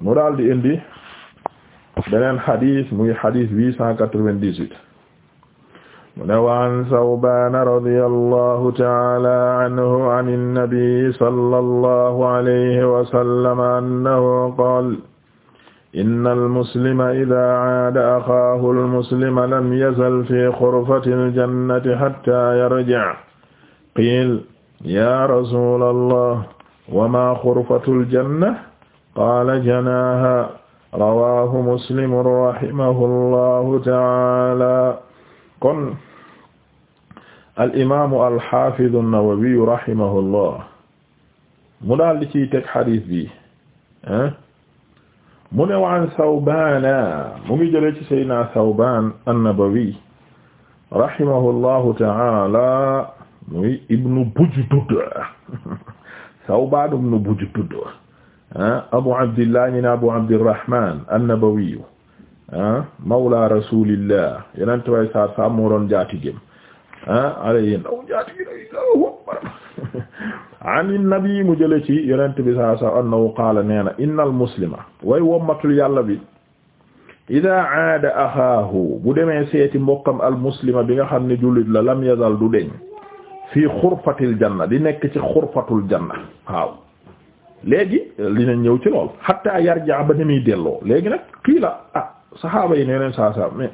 mu daal di indi beneen xadis muy xadis huit cent quatre-vingt-dix-huit mu ne waan Sawbaan radiyallahu ta'ala anhu an an-nabi sallallahu alayhi wa sallam annahu qaala inna al-muslima idhaa 'aada axaahu al-muslima lam yazal fii xurfati al-jannati hattaa yarji'a qiila yaa rasuulallah wa maa xurfatu al-janna qaala janaaha rawaahu muslim rahimahullahu taala kon al imaamu al xaafidu an-Nawawi rahimahullah mu daal di ciy teg xadiis bi ah. mu ne waan Sawbaana mu ngi jëlee ci Seydina Sawbaan an-Nabawi rahimahullahu taala muy ibnu Bujdud Sawbaan ibnu Bujdud Ah, abu abdillah ñu ne abu abdirrahman annabawiyu ah, mawla rasulillah yeneen tubay saar saam moo doon jaatigéem ah, alayhi ndaw jaatigéem ani nabi mu jële ci yonent bi saa sa annahu qaala nee na innal muslima way wommatul yàlla bi ida aada axaahu bu demee seeti mbokkam al muslima bi nga xam ne jullit la lam yazal du deñ fii xurfatil janna di nekk ci xurfatul janna waaw léegi li nañ ñëw ci lool hatta yarja ba ni muy delloo léegi nag kii la ah saxaaba yi nee neen saa saa mais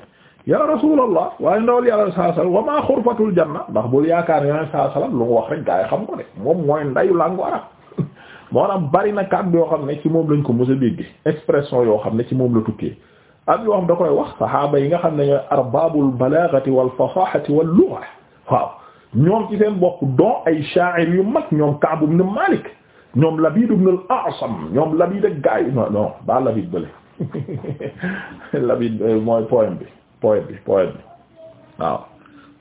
ya rasulallah waaye ndawal yàlla saa saa wa maa xurfatul janna ndax bul yaakaar yeneen saa saa lu mu wax rek gaa yi xam ko de moom mooy ndayu làngu moo tax bari na kàddu yoo xam ne ci moom lañ ko mos a dégg expression yoo xam ne ci moom la tukkee am yoo xam da koy wax saxaaba yi nga xam ne ñooy arbabul balaagati wal fasaahati wal lugha waaw ñoom ci seen bopp don ay sha'ir yu mag ñoom Ka'b ibn Malik ñoom Labid ibn al-A'sam ñoom Labid ak gaay non non ba Labid bële Labid euh, mooy poème bi poème bi poème bi waaw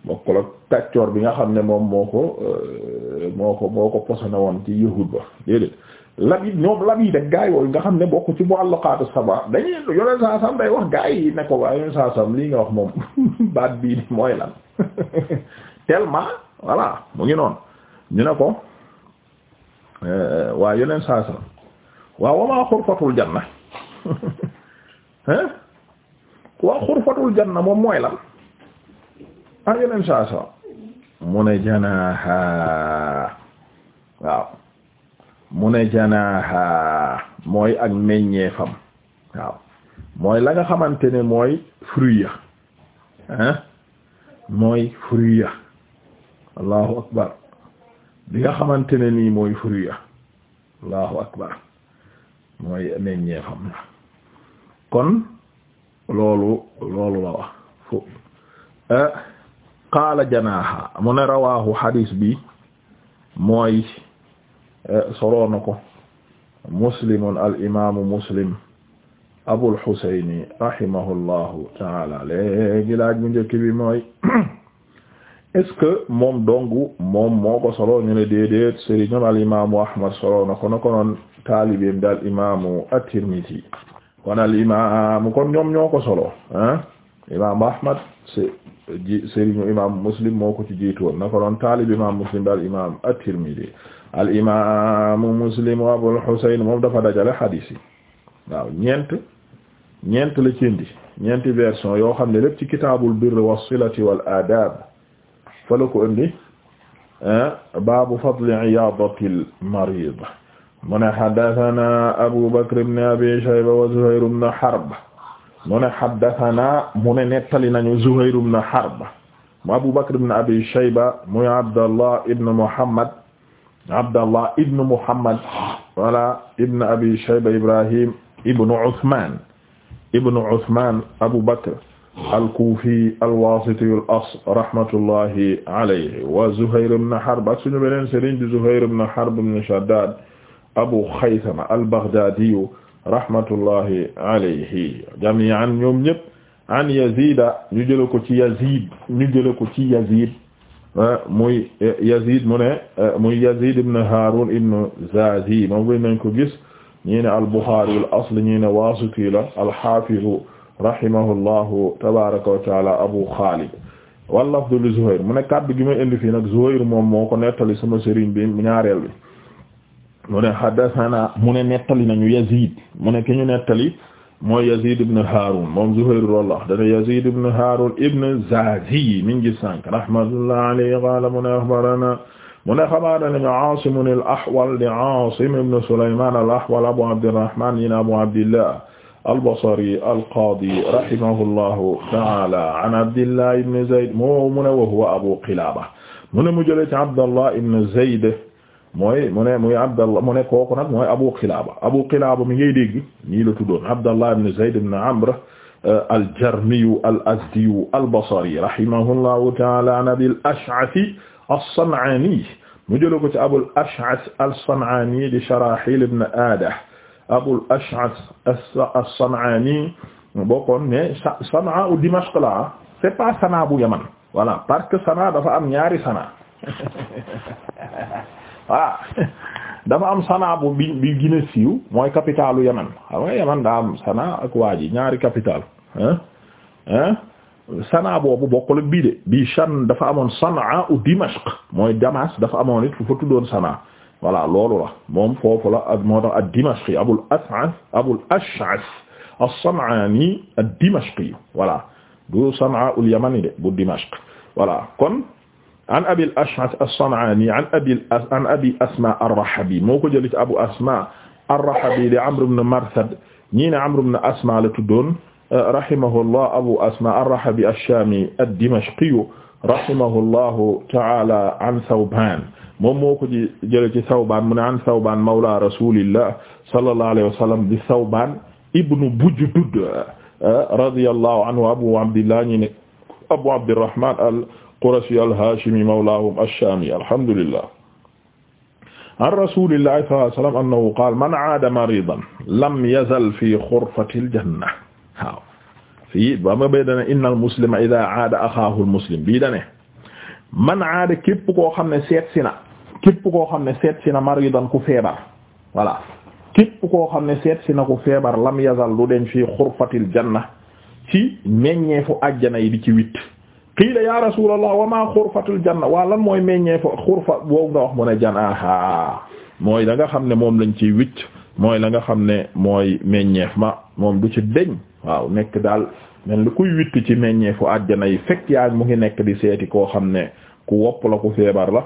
bokkul ak tàccoor bi nga xam ne moom moo ko euh, moo ko moo ko posone woon ci yahud ba déedéet Labid ñoom Labid ak gaay yooyu nga xam ne bokk ci mu'allaqaatu sab'a dañuy yoneen saa sam day wax gaay yi ne ko waaye yoneen saa sam lii nga wax moom baat bii mooy lan tellement voilà mu ngi noonu ñu ne ko Eh, waa yeneen saa salaam waaw wamaa xurfatul janna hein eh? waa xurfatul janna moom mooy la ah yeneen saa salaam mu ne janaaha waaw mu ne janaaha mooy ak meññeefam waaw mooy la nga xamante ne mooy fruit ya eh? mooy fruit allahu akbar li nga xamante ne nii mooy fruit ya akbar mooy meññeefam la kon loolu loolu la wax fu qaala janaaha mu ne rawaahu bi mooy soloo na ko muslimun al imaamu muslim abul xuseyni rahimahullahu taala léegi laaj mu njëkk bi mooy est-ce que moom dongu moom moo ko solo ñu ne déedéet sëriñam al imaamu Ahmad solo na ko na ko noon taalibeem daal imaamu at-Tirmidhi al imaamu kon ñoom ñoo ko Ahmad c'est ji Muslim moo ko ci jiitoon na ko noon taalib imaamu Muslim al imaamu Muslim wa Abul Husayn moom dafa dajale hadis yi waaw ñeent ñeent la ci ñeenti version yoo xam ne lépp ci kitaabul birr was silati wal adab fa la ko indi ah, baabu fadli iyaadatil mariid mu ne haddasanaa Abu Bakr ibn Abi Shayba wa Zuhayr ibn Harb mu ne haddasanaa mu ne nettali nañu Zuhayr ibn Harb mu Abu Bakr ibn Abi Shayba muy Abdallah ibn Muhammad Abdallah ibn Muhammad wala ibn Abi Shayba Ibrahim ibn Usmaan ibn Usmaan Abu Bakr al-Kufi al-Wasiti al-asl rahmatullahi alayhi wa Zuhayr ibn Harb ak suñu beneen sëriñ di Zuhayr ibn Harb ibn Shaddad Abu Khaythama al-Baghdadi rahmatullahi alayhi jami'an ñoom ñëpp an Yazid ñu jëlee ko ci Yazid ñu jëlee ko ci Yazid muy eh, Yazid mu ne eh, muy Yazid ibn Harun ibn Zazi moom lañ ko gis ñii ne al-Bukhari al-asl ñii ne Wasiti la al-Hafiz rahimahullahu tabaraka wa taala Abu Xaalid wal lafdu li Zuhayr mu ne kaddu gi may indi fii nag Zuhayr moom moo ko nettali sama sëriñ bi ñaareel bi mu ne haddathana mu ne nettali nañu Yazid mu ne ki ñu nettali mooy Yazid ibn Harun moom Zuhayr wallah dana Yazid ibn Harun ibn Zazi min ngi sànk rahmatullah alayhi qala mu ne akhbarana mu ne xabaar nañu Asim al-Ahwal di Asim ibn Sulayman al-Ahwal Abu Abdirrahman yin Abu Abdillah albasari alqaadi rahimahullahu taala an abdillah ibn zayd moo mu ne wa huwa abu qilaaba mu ne mu jëlee ci abdallah ibn zayd mooy mu ne muy abdallah mu ne kooku nag mooy abu qilaaba abu qilaaba mi ngay dégg nii la tuddoon abdallah ibn zayd ibn amr euh, aljarmiyu alazdiyu albasari rahimahullahu taala an abil ash'athi as-san'aani mu jëlee ko ci abul ash'ath as-san'aani di sharaahil ibn aadah Abul Ash'as as-San'ani bokkoon mais Sanaa u Dimashq la c'est pas Sanaa bu Yaman voilà parce que Sanaa dafa am ñaari Sanaa voilà dafa am Sanaa bu bi bi gën a siiw mooy capitalu Yaman xam nga Yaman daa am Sanaa ak waa ji ñaari capital hein hein Sanaa boobu bokkul ak bii de bii Shan dafa amoon Sanaa u Dimashq mooy Damas dafa amoon it fu fa tuddoon Sanaa voilà loolu la moom foofu la ak moo tax ad-Dimashqi Abul As'as Abul Ash'as as-San'ani ad-Dimashqi voilà du San'a ul Yamani de bu Dimashq voilà kon an Abil Ash'as as-San'ani an Abil an Abi Asma ar-Rahabi moo ko jëlee ci Abu Asma ar-Rahabi de Amr ibn Marsad ñii ne Amr ibn Asma la tuddoon euh, rahimahullah Abu Asma ar-Rahabi ash-Shami ad-Dimashqi rahimahullahu ta'ala an Thawban moom moo ko ci jële ci Sawbaan mu ne an Sawbaan mawla rasulillah sallallahu alayhi wa sallam di Sawbaan ibnu Bujdud ah, radiyallahu anhu abu abdillah ñi ne abu abdirrahman al-Qurashi al-Hashimi mawlahum ash-Shami alhamdulillah an rasulillah sallallahu alayhi wa sallam annahu qaala man aada maridan lam yazal fi xurfati al-janna waaw fii ba ma bay dane inna al-muslima idha aada axaahu al-muslim bii dane man aada képp koo xam ne seet si na képp koo xam ne seet si na maridan ku feebar voilà képp koo xam ne seet si na ku feebar lam yazal du den fii xurfatil janna ci meññeefu àjjana yi di ci witt qiila ya rasulallah wa ma xurfatul janna waa lan mooy meññeefu xurfa boobu nga wax mu mooy la nga xam ne moom lañ ciy witt mooy la xam ne mooy meññeef ma moom du ci deñ waaw nekk daal mel lu kuy witt ci meññeefu àjjana yi fekk yaa mu ngi nekk di seeti koo xam ne ku wopp la ku feebar la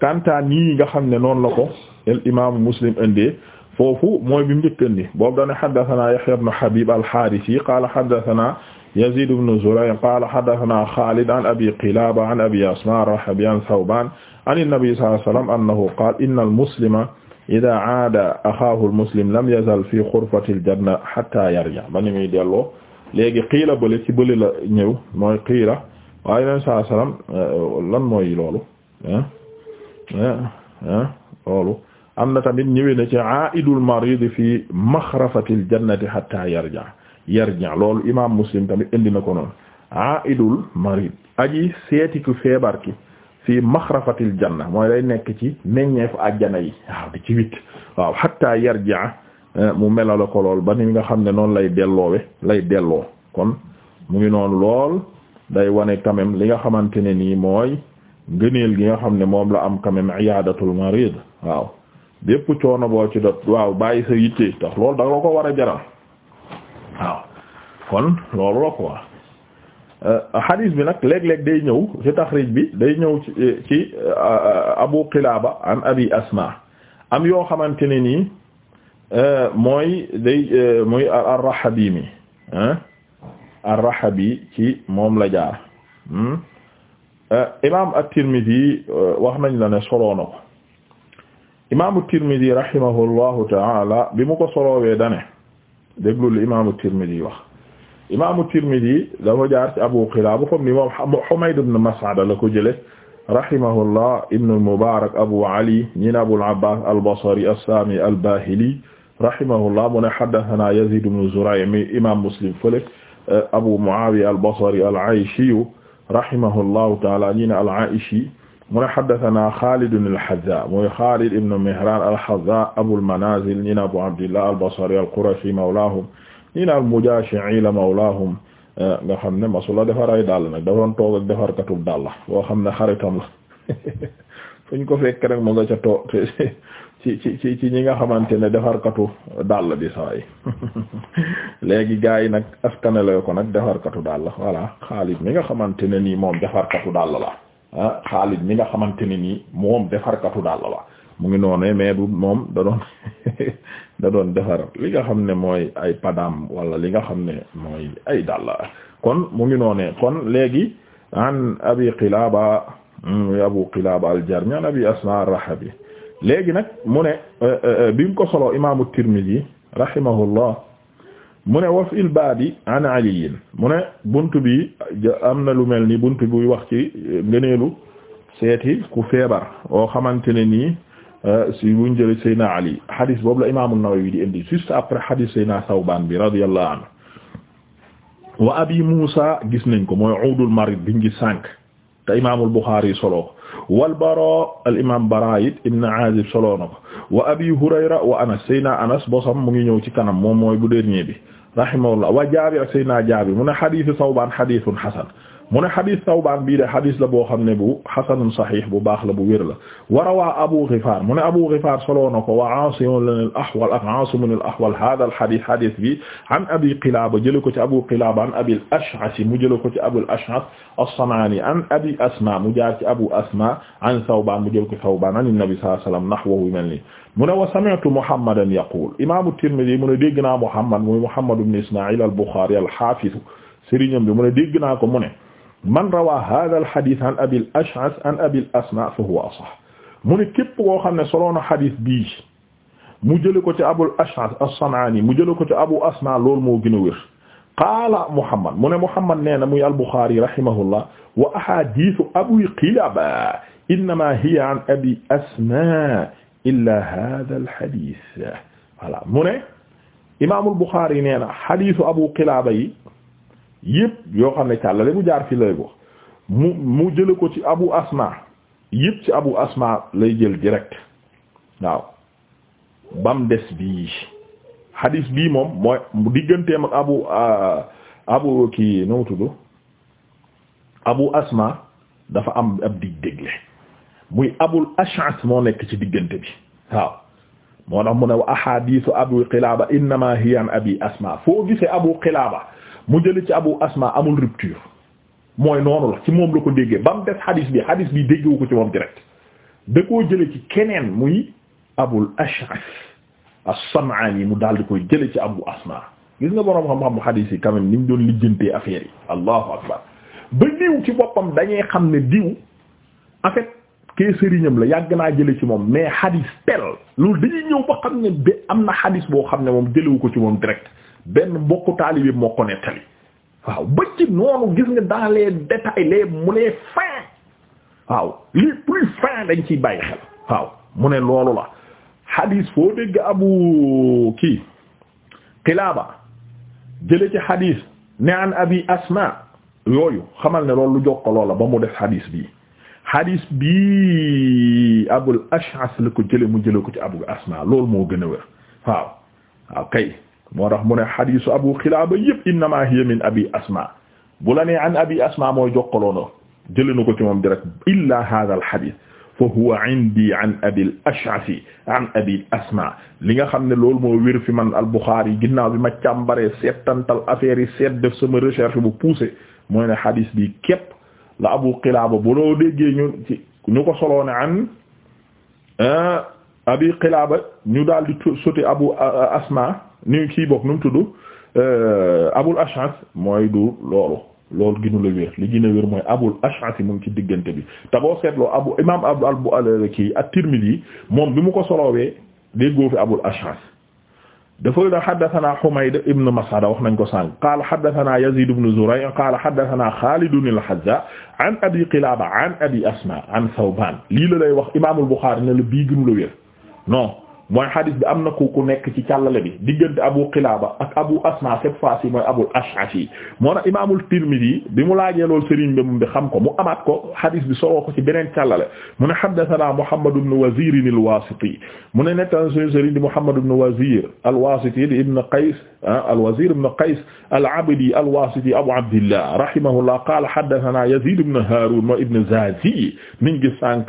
kanta euh, nii nga xam ne noonu la ko al imaamu muslim indee foofu mooy bi mu njëkk indi boobu dana haddathana yahya ibn habib al-harisi qala haddathana yazid ibn zuray qala haddathana khalid an abi qilaba an abi asma rahabi an thawban an an-nabi sallallahu alayhi wasallam annahu qala inna al-muslima idha aada akhahu al-muslim lam yazal fi khurfati al-janna hatta yarja ba ni muy delloo léegi qiila bële ci bële la ñëw mooy qiila waaye sallallahu alayhi wasallam euh, lan mooy loolu ah Eh, eh, loolu am na tamit ñëwee na ci aidul marid fi maxrafatil jannati hatta yarja yarja loolu imam muslim tamit indi na ko noonu aidul marid aji seetiku feebar ki fi maxrafatil janna mooy lay nekk ci meññeefu àjjana yi waaw di ci wit waaw hatta yarja eh, mu melala ko lool ba ni nga xam ne noonu lay delloowe lay delloo kon mu ngi noon lool day wane quand li nga xamante ne nii mooy ngëneel gi nga xam ne moom la am quand même iyadatul marid waaw bépp coono boo ci dot waaw bàyyi sa yitte tax loolu da la ko war a jaral waaw kon loolu la quoi euh, hadis bi nag léeg-léeg day ñëw ci taxrij bi day ñëw ci ci euh, Abu Qilaba an Abi Asma am yoo xamante ne nii euh, mooy day muy ar-Rahabi mi ar-Rahabi ci moom la jaar hmm? Eh, imaam at-Tirmidhi eh, wax nañ la ne soloo na ko imaam at-Tirmidhi rahimahullahu ta'ala bi mu ko soloowee dane déglul imaam at-Tirmidhi wax imaam at-Tirmidhi dafa jaar ci Abu Qilaaba comme ni moom Humayd ibn Mas'ada la ko jële rahimahullah ibn al-Mubarak Abu Ali ñi ne Abul Abbas al-Basri as-Sami al-Bahili rahimahullah mu ne haddathana Yazid ibn Zuray' mi imaam Muslim fële eh, Abu Muawiya al-Basri al-Ayshi rahimahullahu taala ñi ne al-Aishi mu ne haddathana Khalid al-Hadhdha mooy Khalid ibn Mihran al-Hadhdha Abul Manazil ñi ne Abu Abdillah al-Basri al-Qurashi mawlahum ñi ne al-Mujashi'i la mawlahum nga xam ne masula defar ay dàll nag dafa doon toog ak defar katub dàll boo xam ne xaritam la fuñ ko fekk rek mu nga ca toog ci ci ci ci ñi nga xamante ne defarkatu dàll bi saway léegi gars yi nag askanale ko nag defarkatu dàll voilà Xaalid mi nga xamante ne nii moom defarkatu dàll la ah Xaalid mi nga xamante ne nii moom defarkatu dàll la mu ngi noonee mais du moom da doon defar li nga xam ne mooy ay padam wala li nga xam ne mooy ay dàll kon mu ngi noonee kon léegi an Abi Qilaaba mm, Abu Qilaaba al-Jarmi an Abi Asmaa ar léegi nag mu ne euh, euh, euh, bi mu ko solo imaamu Tirmidhi rahimahullah mu ne wa fil baabi an aliyin bunt bi am na lu mel ni bunt buy wax ci ngëneelu seeti ku feebar oo xamante ne nii si buñ jële Seydina Ali hadis boobu la imaamu Nawawi di indi juste après hadis Seydina Sawbaan bi radiyallahu anhu wa abi Muusa gis nañ ko mooy uudul marid biñ gi sànq te imaamul Buxaari solo wal Baraa al imaam Baraa it ibn Aazib solo na ko wa Abi Hurayra wa Anas Seyna Anas bosam mu ngi ñëw ci kanam moom mooy bu dernier bi rahimahullah wa Jaabir ak Seyna Jaabir mu ne xadiisu Sawbaan xadiisun xasan mu ne xadis Sawbaan bii de xadis la boo xam ne bu xasanun saxiix bu baax la bu wér la warawaa Abu Gifaar mu ne Abu Gifaar soloo na ko wa Aasim al-Ahwal ak Aasim al-Ahwal haaza al-xadis xadis bi an Abi Qilaaba jëlee ko ci Abu Qilaaba an Abil Ash'as mu jëlee ko ci Abul Ash'as as-San'aani an Abi Asmaa mu jaar ci Abu Asmaa an Sawbaan mu jël ko Sawbaan an Nabi sallallaahu alayhi wa sallam nahwahu mel ni mu ne wa sami'tu Muhammadan yaquul imaamu Tirmidi mu ne dégg naa Muhammad muy Muhammad ibn Ismaa'iil al-Buxaari al-Haafiz sëriñam bi mu ne dégg naa ko mu ne man rawaa hadha al hadith an abil ash'as an abil asma fa huwa asah mu ne képp koo xam ne soloona xadis bii mu jële ko ci abul ash'as as-san'ani mu jële ko ci abu asma loolu moo gën a wér qaala muhammad mu ne muhammad nee na muy al-bukhari rahimahullah wa ahadithu abi qilaba innama hiya an abi asma illa hadha al-hadith voilà mu ne imaamul buxaari nee na xadiisu abu qilaaba yi yëpp yoo xam ne la bu jaar fi lay wax mu mu jële ko ci abu asma yépp ci abu asma lay jël direct waaw bam des bii hadis bii moom mooy mu digganteem ak abu abu kii nu mu tudd abu asma dafa am ab dig dégle muy abul ash'as moo nekk ci diggante bi waaw moo tax mu ne wa ahadisu abu qilaba innama hiya an abi asma foo gisee abu qilaba mu jëli ci abu asma amul rupture mooy noonu la ci moom la ko déggee ba mu des xadis bi xadis bi déggewu ko ci moom direct da koo jële ci keneen muy abul ash'as as yi mu daal di koy jële ci abu asma gis nga boroom xam-xam xadis yi quand même ni doon lijjantee affaire yi allahu akbar ba diw ci boppam dañuy xam ne diw en fait kee sëriñam la yàgg naa jële ci moom mais xadis tel loolu dañuy ñëw ba xam ne ba am na xadis boo xam ne moom jëlewu ko ci moom direct benn mbokku taalibe moo ko nettali waaw ba ci noonu gis nga dans les détails les mu les fins waaw les plus fins dañ ciy xel waaw mu ne loolu la xadiis foo dégg abu kii xilaaba jële ci xadiis ne an abi asma yooyu xamal ne loolu lu jokko loola ba mu def xadiis bii xadiis bii abul ash'as la ko jële mu jële ko ci abu asma loolu moo gën a wér waaw waaw kay moo tax mu ne xadiisu abu xilaaba yëpp innama hiya min abi asma bu lanee nee an abi asmaa moo jokkaloona jëlee na ko ci moom direct illa hadha al hadith fa huwa indi an abil ash'athi li nga xam ne loolu moo wir fi man al buxaari ginnaaw bi ma càmbaree seetantal affaire yi seet def sama recherche bu poussé mooy ne hadith bi képp la abu xilaaba bu loo déggee ñu ko soloone an ah, abi xilaaba ñu daal di sote abu asma ni kii bokk nu mu tudd euh, abul ash'as mooy du loolu loolu gënu wér li gën a wér mooy abul ash'as mu ngi ci diggante bi te boo seetloo abu imaam abu albu al kii moom bi mu ko soloowee déggoo fi abul ash'as dafa da haddathana humayd ibn mas'ada wax nañ ko sànq qaala haddathana yazid ibn zuray' qaala haddathana khalid al an abi qilaaba an abi asma an thawban lii la lay wax imaamul bukhari ne la bii gënu wér non mooy xadis bi am na ku ku nekk ci càllale bi diggante abu qilaaba ak abu asma cette fois ci mooy abul ash'ashi moo na imaamul tirmidi bi mu laajee loolu sëriñ bi moom bi xam ko mu amaat ko xadis bi soloo ko ci beneen càllale mu ne haddathana muhammad ibn wazir al-wasiti mu ne nettan suñu sëriñ di muhammad ibn wazir al-wasiti di ibn qays ah, al-wazir ibn qays al-abdi al-wasiti abu abdillah rahimahullah qala haddathana yazid ibn harun mooy ibn zazi mi ngi sànk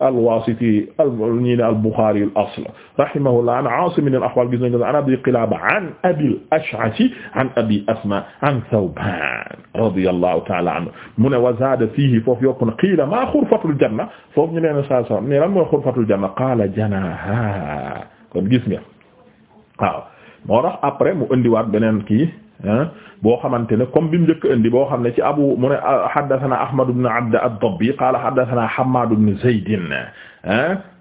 al-wasiti al ñi ne al-bukhari al-asl rahimahullah an Aasim al Ahwal gis nañ ko an Abi Qilaaba an Abil Ash'ath an Abi Asmaa an Thawbaan radiyallahu ta'ala anhu mu ne wa zaada fiihi foofu yokku na qiila maa xurfatul janna foofu ñu leen saa saa mais lan mooy xurfatul janna qaala janaahaa kon gis nga waaw moo tax après mu indiwaat beneen kii. boo xamante ne comme bi mu njëkk indi boo xam ne ci abu mu ne haddathana ahmad ibn abd ad-dabbi qala haddathana hammad ibn zayd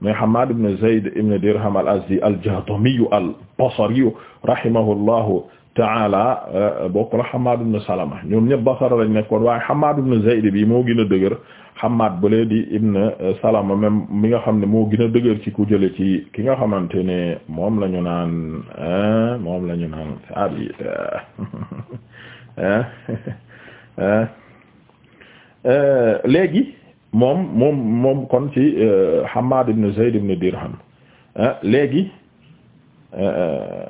mais hammad ibn zayd ibn dirham al-azdi al-jahtami al-basri rahimahullahu ta'ala eh, bokk la hammad ibn salama ñoom ñëpp basara lañ nekkoon waaye hammad ibn zayd bi moo gën a dëgër Hammad bële di Ibn Salama même mi nga xam ne moo gën a dëgër ci ku jële ci ki nga xamante ne moom lañu naan moom la ñu naan Saabit léegi moom moom moom kon ci euh, Hammad ibn Zayd ibn Dirham léegi euh,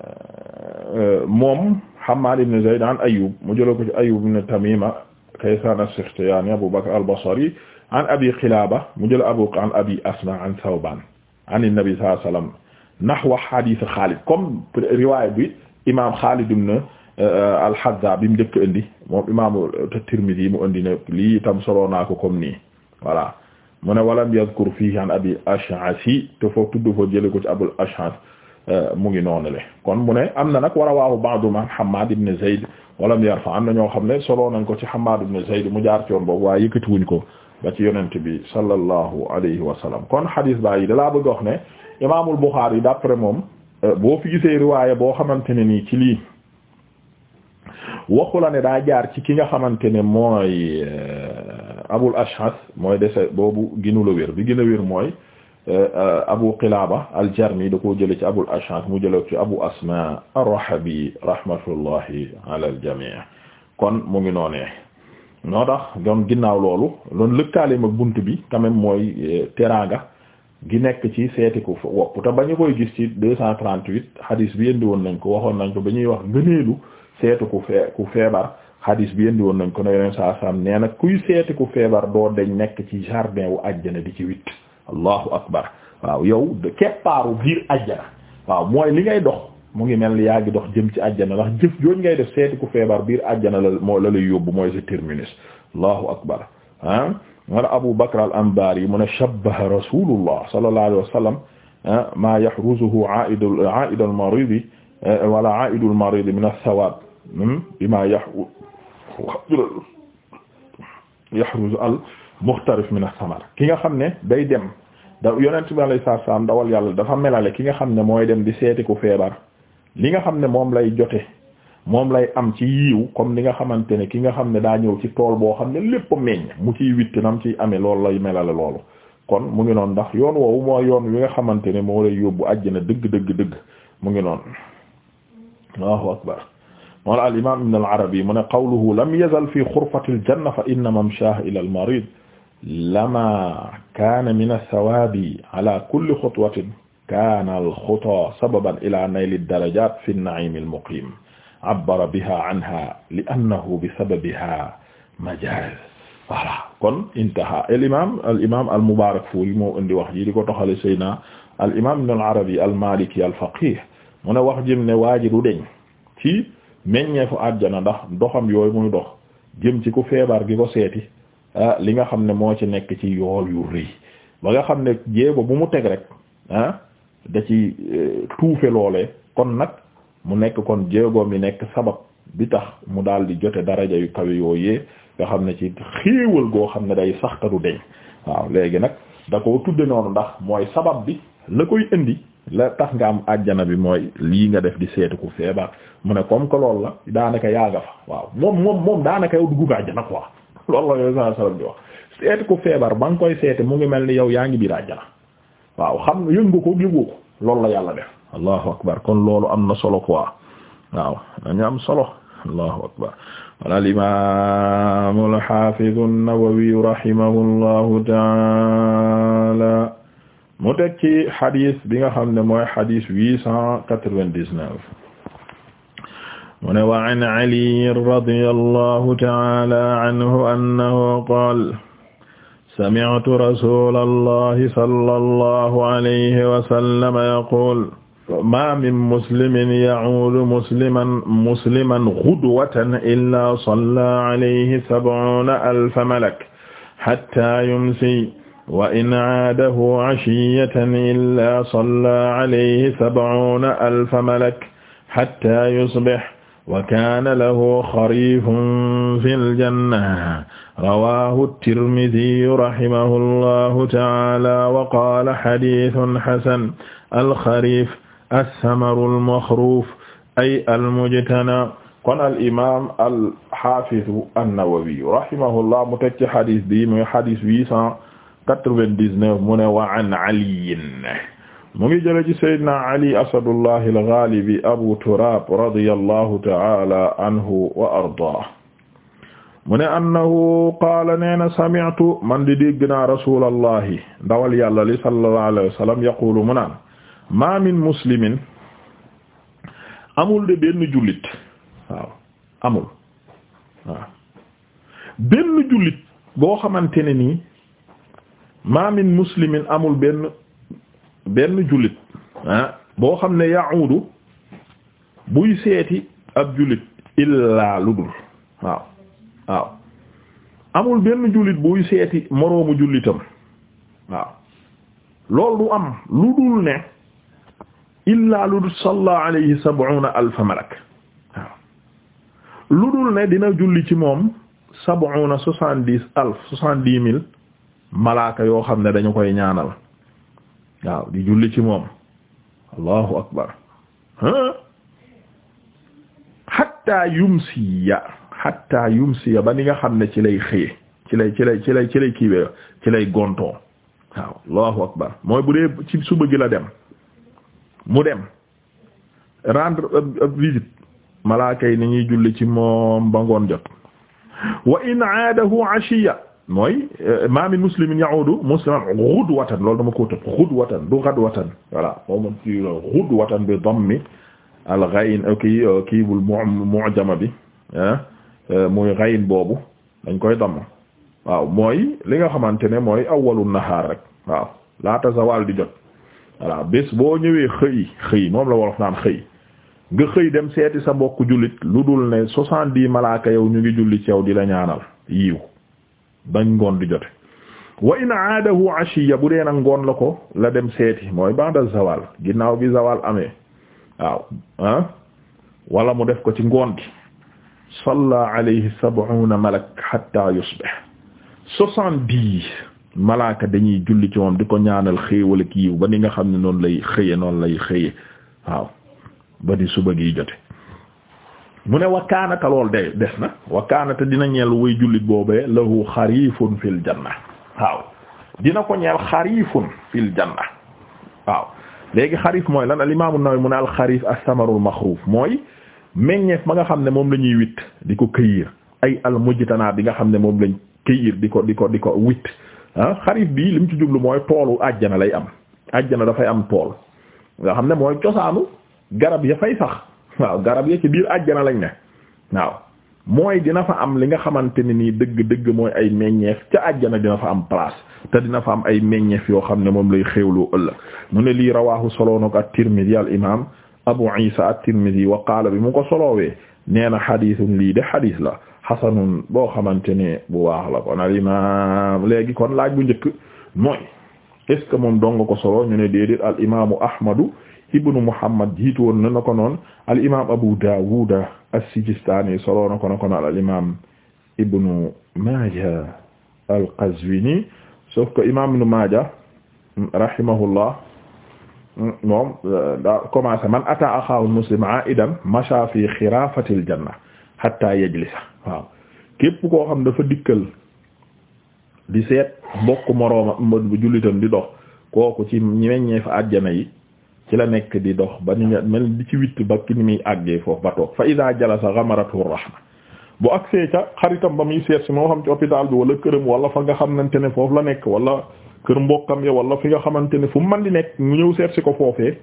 euh, moom Hammad ibn Zayd an Ayyub mu jëla ko ci Ayyub ibn Tamima Kaysan as-Sakhtiyani Abu Bakr al-Basri an abi xilaaba mu jël abu an abi asma an sawban an nabi sallallahu alayhi wasallam nahwa hadith xaalid comme riwaay bi imaam xaalid ibn euh, euh, al-Hadza bi mu njëkk indi moom imaamu Tirmidhi mu indi ne lii itam solo naa ko comme nii voilà mu ne walam yazkur fihi an abi Ash'as te foofu tudd foo jëlee ko ci abul Ash'as euh, mu ngi noonu le kon mu ne am na nag war a waawu ba'du man Hammad ibn Zayd walam yarfa am na ñoo xam ne solo nañ ko ci Hammad ibn Zayd mu jaar ci yoon boobu waaye yëkkatiwuñ ko. ba ci yonent bi sallallahu alayhi kon hadis baa yi dalaa bëgg wax ne imaamul Buxaari d'après moom euh, boo fi gisee riwaaya boo xamante ne nii ci lii waxu la ne daa jaar ci ki nga xamante ne mooy euh, Abul Ash'as mooy dese boobu gënu la bi gën a wér mooy euh, Abu Qilaaba al-Jarmi da koo jëlee ci Abul Ash'as mu jëlee ci Abu Asmaa ar-Rahabi rahmatullahi ala jamii kon mu ngi noonee. noo tax ñoom ginnaaw loolu loolu lëkkaaleem ak bunt bi tamit mooy eh, teraanga gi nekk ci seeti ku wopp te ba ñu koy gis ci deux cent trente-huit hadis bi indi woon nañ ko waxoon nañ ko ba ñuy wax gëneelu seetu ku fee ku feebar hadis bi indi woon nañ ko ne yeneen saa saam nee na kuy seeti ku feebar doo deñ nekk ci jardin wu àjjana di ci witt allahu akbar waaw yow keppaaru biir àjjana waaw mooy li ngay dox mu ngi mel ni yaa gi dox jëm ci àjjana ndax jëf jooñ ngay def seeti ku feebar biir àjjana la moo yóbbu mooy sa terminus allahu akbar ah Abu Bakr al yi mu ne shabbaha rasulullah sallallahu alayhi wa sallam ah, ma yahruzuhu aidul aidul marid eh, wala aidul marid min ath-thawab hmm, bima yahruzu al-mukhtarif min ath-thamar ki nga xam ne day dem da yonent bi alayhi salaam dawal yàlla dafa melale ki nga xam ne mooy dem di seeti ku feebar li nga xam ne moom lay jote moom lay am ci yiiw comme li nga xamante ne ki nga xam ne daa ñëw ci tool boo xam ne lépp meññ mu ciy witt nam ciy amee loolu lay melale loolu kon mu ngi noon ndax yoon woowu moo yoon wi nga xamante ne moo lay yóbbu àjjana dëgg dëgg dëgg mu ngi noon Allahu akbar mool al imam ibn al arabi mu ne qawluhu lam yazal fi xurfati al janna fa inna mamshaahu ila al marid lama kaana min as-sawaabi ala kulli xutwatin kaana alxutaa sababan ila nayli darajaat fi nna'iimi almuqiim abbara biha anha li annahu bi sababiha kon intaha al imaam al imaam al Mubaarakfuuri moo indi wax ji di ko toxalee Seydina al imaam Ibn mu ne wax jëm ne waa ji du deñ ci meññeefu àjjana ndax doxam yooyu muy dox jëm ci ku feebar gi ko seeti ah, li nga xam ne moo ci nekk ci yool yu rëy ba nga xam ne jéego bu mu teg rek ah, da ci euh, tuufe loolee kon nag mu nekk kon jéegoom yi nekk sabab bi tax mu daal di jote daraja yu kawe yooyee nga xam ne ci xéewal goo xam ne day sax du deñ waaw léegi nag da koo tudde noonu ndax mooy sabab bi la koy indi la tax nga am àjjana bi mooy lii nga def di seetu ku feebar mu ne comme que loolu la daanaka yaa nga fa waaw moom moom moom daanaka yow dugg nga àjjana quoi lool la yow saa salaam di wax seetu ku feebar ba nga koy seete mu ngi mel ni yow yaa ngi biir waaw xam yëngu ko yëngu ko loolu la yàlla def allahu akbar kon loolu am na solo quoi waaw dañu am solo allahu akbar wala al imam al hafiz an-Nawawi rahimahullahu taala mu teg ci xadis bi nga xam ne mooy xadis huit cent quatre-vingt-dix-neuf mu ne wa an Ali radiyallahu taala anhu annahu qaala sami'tu rasulallahi sallallahu alayhi wa sallam yaqul ma min muslimin ya'uudu musliman musliman ghudwatan illaa sallaa alayhi sab'uuna alfa malak hattaa yumsi wa in 'aadahu 'ashiyatan illaa sallaa alayhi sab'uuna alfa malak hattaa yusbih wa kaana lahu xariifun fil janna rawaahu tirmidiyu rahimahullahu ta'aala wa qaala xadiisun xasan alxariif assamarul maxruuf ay almujtana kon al imaam al xaafidu annawawi rahimahullah mu teg ci xadis bii muy xadis huit cent quatre-vingt-dix-neuf mu ne wa an aliyin mu ngi jële ci sayyidina ali asadullah al-ghalibi abu turab radiyallahu ta'ala anhu wa ardaah mu ne annahu qaala nee na sami'tu man di dégg naa rasulallahi ndawal yàlla li sallallahu alayhi wa sallam yaqulu mu naan ma min muslimin amul de benn jullit waaw amul waaw benn jullit boo xamante ne nii ma min muslimin amul benn benn jullit ah, boo xam ne ya'udu buy seeti ab jullit illaa lu dul waaw waaw amul benn jullit buy seeti moroomu jullitam waaw loolu du am lu dul ne illaa lu dul salla alayhi sab'una alfa malak waaw lu dul ne dina julli ci moom sab'una soixante-dix alf soixante-dix mille malaaka yoo xam ne dañu koy ñaanal waaw di julli ci moom allahu akbar hatta yumsiya hatta yumsiya ba ni nga xam ne ci lay xëye ci lay ci lay ci lay ci lay kiiwee ci lay akbar mooy bu dee ci suba gila dem mu dem rendre ab euh, euh, visite ni ñuy julli ci moom ba ngoon jot aadahu ashiya mooy euh, ma min muslimin ya'udu musliman ghudwatan loolu dama ko tëb ghudwatan du ghadwatan voilà moom ci euh, ghudwatan bi dammi al-ghayn euh, kii kii bul mu'jama bi muy ghayn boobu dañ koy damm waaw mooy li nga xamante ne mooy awwalu nahaar rek waaw laata zawal di jot voilà bés boo ñëwee xëy xëy moom la wolof naan xëy nga xëy dem seeti sa mbokku jullit lu dul ne soixante di malaaka yow ñu ngi julli ci yow di la ñaanal yiw bañ ngoon di jote wa in aadahu ashiya bu dee nag ngoon la ko la dem seeti mooy ba'da zawal ginnaaw bi zawal amee waaw ah wala mu def ko ci ngoon gi salla alayhi sab'una malak hatta yusbih soixante malaaka dañuy julli ci moom di ko ñaanal xéewal ak yiw ba ni nga xam ne noonu lay xëyee noonu lay xëye waaw ba di suba gi jote mu ne wakkaanata lool de des na wakkaanata dina ñeel way jullit boobee lahu xariifun fil janna waaw dina ko ñeel xariifun fil janna waaw léegi xariif mooy lan al imaamu mu ne al xariif as-samarul maxruuf mooy meññeef ma nga xam ne moom la ñuy witt di ko këyir ay al mujtana bi nga xam ne moom lañ këyir di ko di ko di ko witt ah xariif bii lim mu ci jublu mooy toolu àjjana lay am àjjana dafay am tool nga xam ne mooy cosaanu garab ya fay sax. waaw garab ya ci biir àjjana lañ ne waaw mooy dina fa am li nga xamante ne nii dëgg-dëgg mooy ay meññeef ca àjjana dina fa am place te dina fa am ay meññeef yoo xam ne moom lay xéewloo ëllëg mu ne lii rawaahu soloonak at-Tirmidhi al imam Abu Isa at-Tirmidhi wa qaala bi mu ko soloowee nee na lii de xadiis la xasanun boo xamante ne bu waax la kon al imam léegi kon laaj bu njëkk mooy est ce que moom dong ko solo ñu ne déedéet al imaamu Ahmadu ibnu Muhammad jiitu woon na ko noon al imaam Abu Dawud as-Sijistani solo na ko noon al imaam ibnu Maaja al-Qazwini sauf que imaam ibnu Maaja rahimahullah man ata axaahu muslim aidan masha fi xiraafatil janna hatta yajlisa waaw képp koo xam dikkal di seet bokk morooma jullitam di dox kooku ci ñeññee fa àjjana yi ci la nekk di dox ba ni mel di ci witt ba ki ni muy àggee foofu ba toog fa iza jalasa ghamaratu rahma bu agsee ca xaritam ba muy seet si moo xam ci hôpital bi wala këram wala fa nga xamante ne foofu la nekk wala kër mbokkam ya wala fi nga xamante ne fu mu mën di nekk mu ñëw seet si ko foofee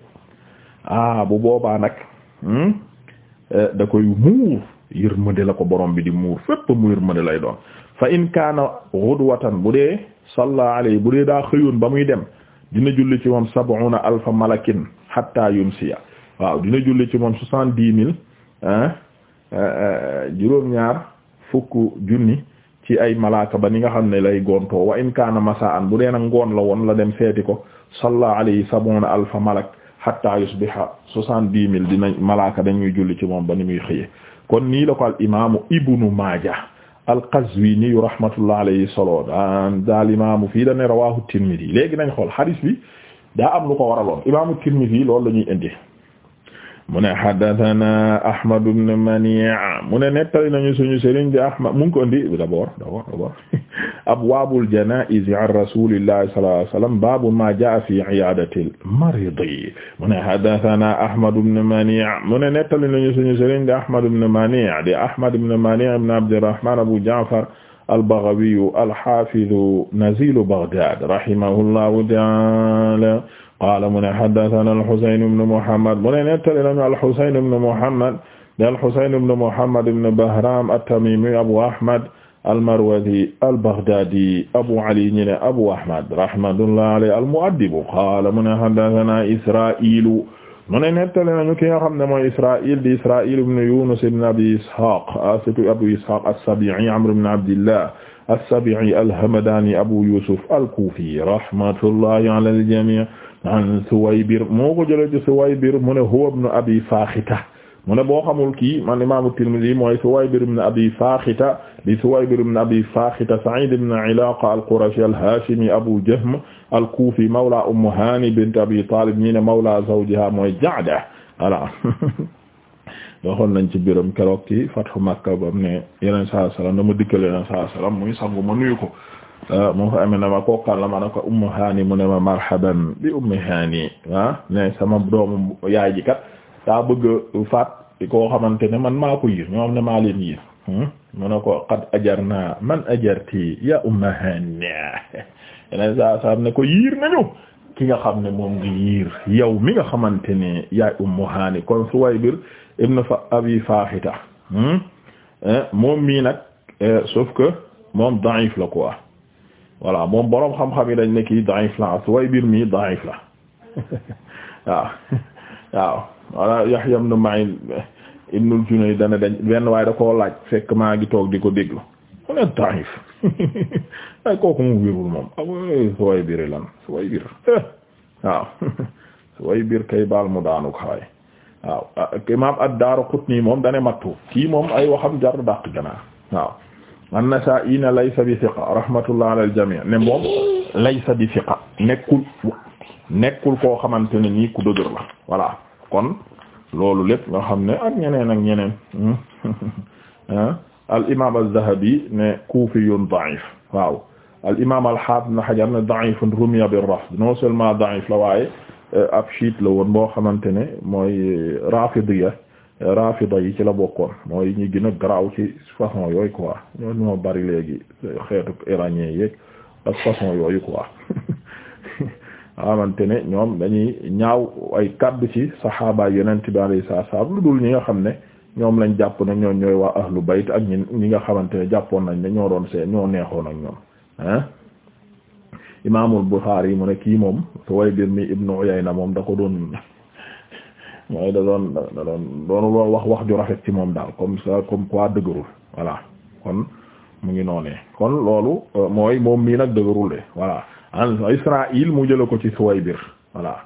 ah bu boobaa nag hmm, eh, da koy muur yërmande la ko borom bi di muur fépp mu yërmande lay doon fa in kaana watan bu dee salla alayhi bu dee daa xëyoon ba muy dem dina julli ci moom sab'una alfa malakin hatta yumsiya waaw dina julli ci moom soixante-dix mille euh, juróom-ñaar fukk junni ci ay malaaka ba ni nga xam ne lay gontoo wa in kaana masaan bu dee nag ngoon la woon la dem seeti ko salla alayhi sab'una alfa malak hatta yusbiha soixante-dix mille dina malaaka dañuy julli ci moom ba ni muy xëyee kon nii la ko al imaamu ibnu maaja al-Qazwini yu rahmatullah alayhi solo daan daal imaamu fii da ne rawaahu Tirmidhi léegi nañ xool hadith bi daa am lu ko waraloon imaamu Tirmidhi loolu la ñuy indi. mu ne haddathana Ahmad ibn Mani' mu ne nettali nañu suñu sëriñ di Ahmad mu ngi ko indi d'abord d'abord d'abord abwaabul janaa'iz an rasuulillahi sallallahu alayhi wa sallam baabu maa jaa'a fii iyaadatil mariid mu ne haddathana Ahmad ibn Mani' mu ne nettali nañu suñu sëriñ di Ahmad ibn Mani' di Ahmad ibn Mani' ibn Abdirrahmaan Abu Ja'far al-Baghawi al-Haafiz nazilu Baghdaad rahimahullahu ta'aala qaala mu ne haddathana al-Husayn ibn Muhammad mu ne nettali nañu al-Husayn ibn Muhammad de al-Husayn ibn Muhammad ibn Bahram at-Tamimi Abu Ahmad al-Marwazi al-Baghdadi Abu Ali ñu ne Abu Ahmad rahmatullahi alayhi al-mu'addib qaala mu ne haddathana Israa'il mu ne nettali nañu ki nga xam ne mooy Israa'il di Israa'il ibn Yunus ibn Abi Ishaq ah, surtout Abu Ishaq as-Sabi'i Amr ibn Abdillah as-Sabi'i al-Hamdani Abu Yusuf al-Kufi rahmatullahi ala al-jami' an Suwaybir moo ko jëlee ci Suwaybir mu ne huwa ibn Abi Fakhita mu ne boo xamul kii man imam Tirmidhi mooy Suwaybir ibn Abi Fakhita di Suwaybir ibn Abi Fakhita Sa'id ibn Ilaqa al-Qurashi al-Hashimi Abu Jahm al-Kufi mawla Umm Hani bint Abi Talib ñi ne mawla zawjiha mooy Ja'da voilà doxoon nañ ci biram keroog ci Fathu Makka bam ne yeneen saa salaam dama dikkal yeneen saa salaam muy sangu ma nuyu ko Ah, mu fa amee na ma kookal la ma ko ummu haani mu ne ma marhaban bi ummi haani ah, ne sama doomu yaay ji kat daa bëgg faat koo xamante ne man maa ko yiir ñoom ne maa leen yiir hmm? mu ne ko qad ajarna man ajarti ya umma haani yeneen ne ko yiir nañu ki nga xam ne moom ngi yiir yow mi nga xamante ne yaay ummu haani kon Suwaybir ibn fa abi Faaxita hmm? eh, moom mii nag eh, sauf que moom da'if la quoi voilà moom boroom xam-xam yi dañ ne kii da'if la suway biir mi da'if la waaw waaw wala Yahya ibn Ma'in ibn al dana dañ benn waaye da koo laaj fekk maa ngi toog di ko déglu mu ne da'if ay kooku mu wérul moom ah suway biir lan suway biir waaw suway biir kay baal mu daanu ko xawaay waaw imam ad-Daraqutni moom dane mattu kii moom ay waxam jar dàq ganaar waaw an-Nasaa'i na laysa bi thiqa rahmatullah ala al-jamii ne moom laysa bi thiqa nekkul nekkul koo xamante ne nii ku dëgër la voilà kon loolu lépp nga xam ne ak ñeneen ak ñeneen hmm? al imaam az-Zahabi ne kuufiyyun da'if waaw al imaam ne da'ifun rumiya bir-rafd non seulement da'if la euh, ab chiite la boo xamante ne mooy euh, rafidiyya rafida yi ci la bokkoon mooy ñi gën a garaaw ci façon yooyu quoi ñoo ñoo bari léegi xeetu iranien yeeg ak façon yooyu quoi xamante ne ñoom dañuy ñaaw ay kaddu ci saxaaba yonent bi alayhi salaam lu dul ñi nga xam ne ñoom lañ jàpp ne ñoo ñooy waa ahlu bayt ak ñi ñi nga xamante ne jàppoon nañ ne ñoo doon seen ñoo neexoon ak ñoom ah imaamul Buxaari yi mu ne kii moom Suwaybir mi ibnu Uyayna moom da ko doon mooy da doon da doon doonul wax wax ju rafet ci moom daal comme ça comme quoi dëgërul voilà kon mu ngi noonee kon loolu euh, mooy moom mii nag dëgërul de voilà an mu jële ko ci Suwaybir voilà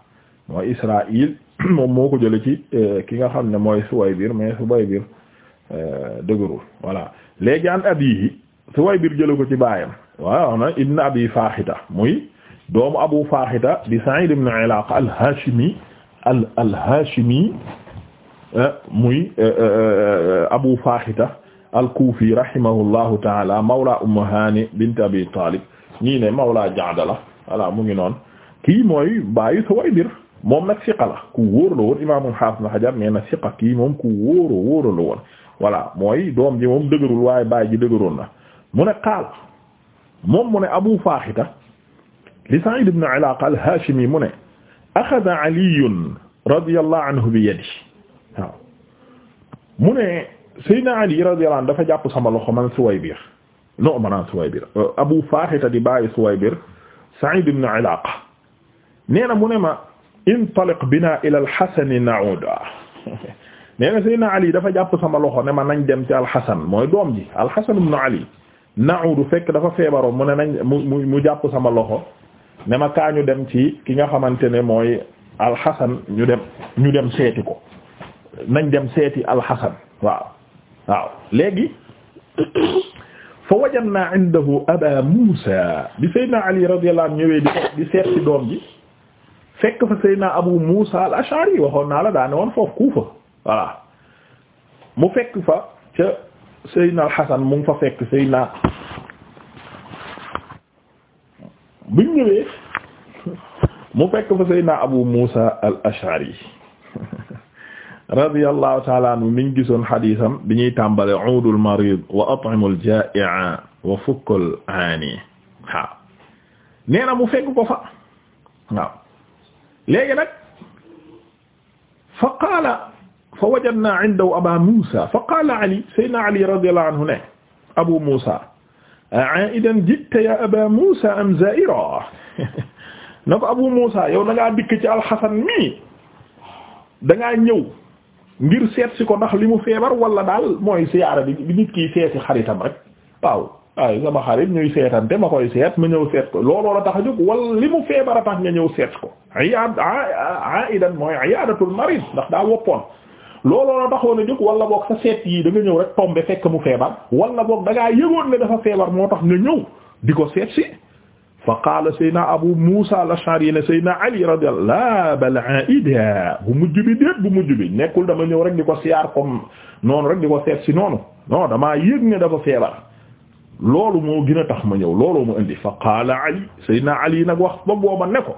mooy Israaïl moom moo ko jële ci euh, ki nga xam ne mooy biir mais Suwaybir euh, dëgërul voilà léegi an abihi biir jële ko ci baayam waaw na ibn abi Faaxita muy doomu abu Faaxita di Sa'id ibn Ilaaqa al-Haashimi al al hashimi eh, muy eh, eh, abu faxita al kufi rahimahullahu taala mawla ummu hani bint abi talib ñii ne mawla jaadala mu ngi noonu kii mooy baayu suwaydir moom nag siqa la ku wóor la woon imaamul xaafis na xajar mais kii moom ku wóoro wóoro la mooy doom ji moom dëgërul waaye baay ji dëgëroon na mu ne qaal moom mu abu faxita li sa'id ibn ilaqa al hashimi mu axada aliyun radiyallahu anhu bi yadi waaw mu ne Seydina Ali radiyallahu anhu dafa jàpp sama loxo man Suwaybir non man Suwaybir euh, Abu Faahita di bàyyi Suwaybir Sa'id ibn Ilaaqa nee na mu ne ma intaliq bina ila al-Hasan na'uda nee na Seydina Ali dafa jàpp sama loxo ne ma nañ dem ci al-Hasan mooy doom ji al-Hasan ibn Ali na'udu fekk dafa feebaroon mu ne nañ mu mu jàpp sama loxo ne ma kaa ñu dem ci ki nga xamante ne mooy alxasan ñu dem ñu dem seeti ko nañ dem seeti alxasan waaw waaw léegi fa wajadna indahu aba musa bi saydna ali radiyallahu anhu ñëwee di seet ci doom ji fekk fa saydna abu musa al waxoon naa la daa ne woon foofu kuufa voilà mu fekk fa ca saydna alxasan mu ngi fa fekk saydna buñ ñëwee mu fekk fa Seydina Abu Musa al-Ash'ari radiyallahu ta'ala anhu niñ gisoon xadiisam bi ñuy tàmbale uudul marid wa at'imul jaa'i'a wa fukkul aani waaw nee na mu fekk ko fa waaw léegi nag fa qaala fa wajadna 'indahu Aba Musa fa qaala Ali Seydina Ali radiyallahu anhu ne Abu Musa aidan jitta ya aba musa am zaira na ko abu musa yow da ngaa dikk ci alxasan mi da ñëw ngir seet si ko ndax li mu feebar wala daal mooy siyaara bi bi nit kiy seeti xaritam rek waaw waaye sama xarit ñuy seetante ma koy seet ma ñëw seet ko looloo la tax a jóg wala li mu feebar a tax nga ñëw seet ko iyaad aidan mooy iyaadatul marid ndax daa woppoon looloo la taxoon a jóg wala boog sa seet yi da nga ñëw rek tombe fekk mu feebar wala boog da ngaa yëgoon ne dafa feebar moo tax nga ñëw di ko seet si fa qaala saydna abu musa al-ash'ari ne saydna ali radiyallahu la bal aida bu mujj bi déet bu mujj bi nekkul dama ñëw rek di ko siyaar comme noonu rek di ko seet si noonu non damaa yëg ne dafa feebar loolu moo gën a tax ma ñëw looloo mu indi fa qaala ali saydna ali nag wax ba booba ne ko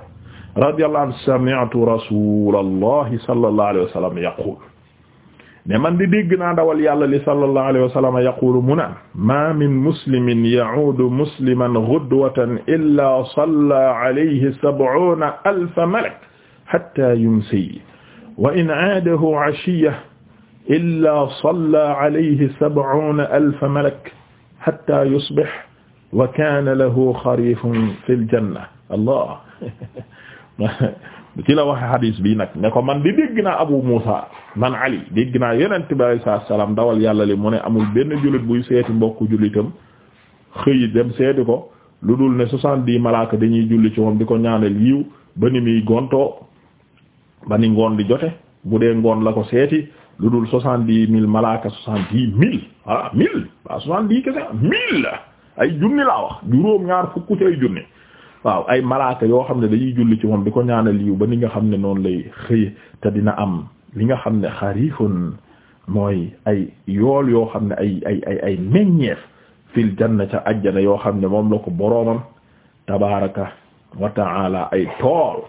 radiyallahu anhu sami'tu rasulallahi sallallahu alayhi wa sallam yaqul ne man di dégg naa dawal yàlla li sallallahu alayhi wa sallam yaqulu mu naan ma min muslimin ya'uudu musliman ghudwatan illa salla alayhi sab'una alfa malak hatta yumsi wa in aadahu 'ashiyya illa salla alayhi sab'una alfa malak hatta yusbih wa kaana lahu khariifun fil janna allah ci la waxe hadis bi nag ne ko man di dégg naa Abu Musa man Ali dégg naa yonent bi alayhi salaam dawal yàlla li mu ne amul benn jullit buy seeti mbokku jullitam xëy dem seeti ko lu dul ne soixante-dix malaaka dañuy julli ci moom di ko ñaanal yiw ba ni muy gontoo ba ni ngoon di jote bu dee ngoon la ko seeti lu dul soixante-dix mille malaaka soixante-dix mille voilà mille ay junni laa wax juróom ñaar fukk ci ay junni waaw ay malaaka yoo xam ne dañuy julli ci moom di ko ñaanal yiw ba ni nga xam ne noonu lay xëy te dina am li nga xam ne xarifun mooy ay yool yoo xam ne ay ay ay ay meññeef fil janna ca ajjana yoo xam ne moom la ko boroomam tabaraka wa taala ay tool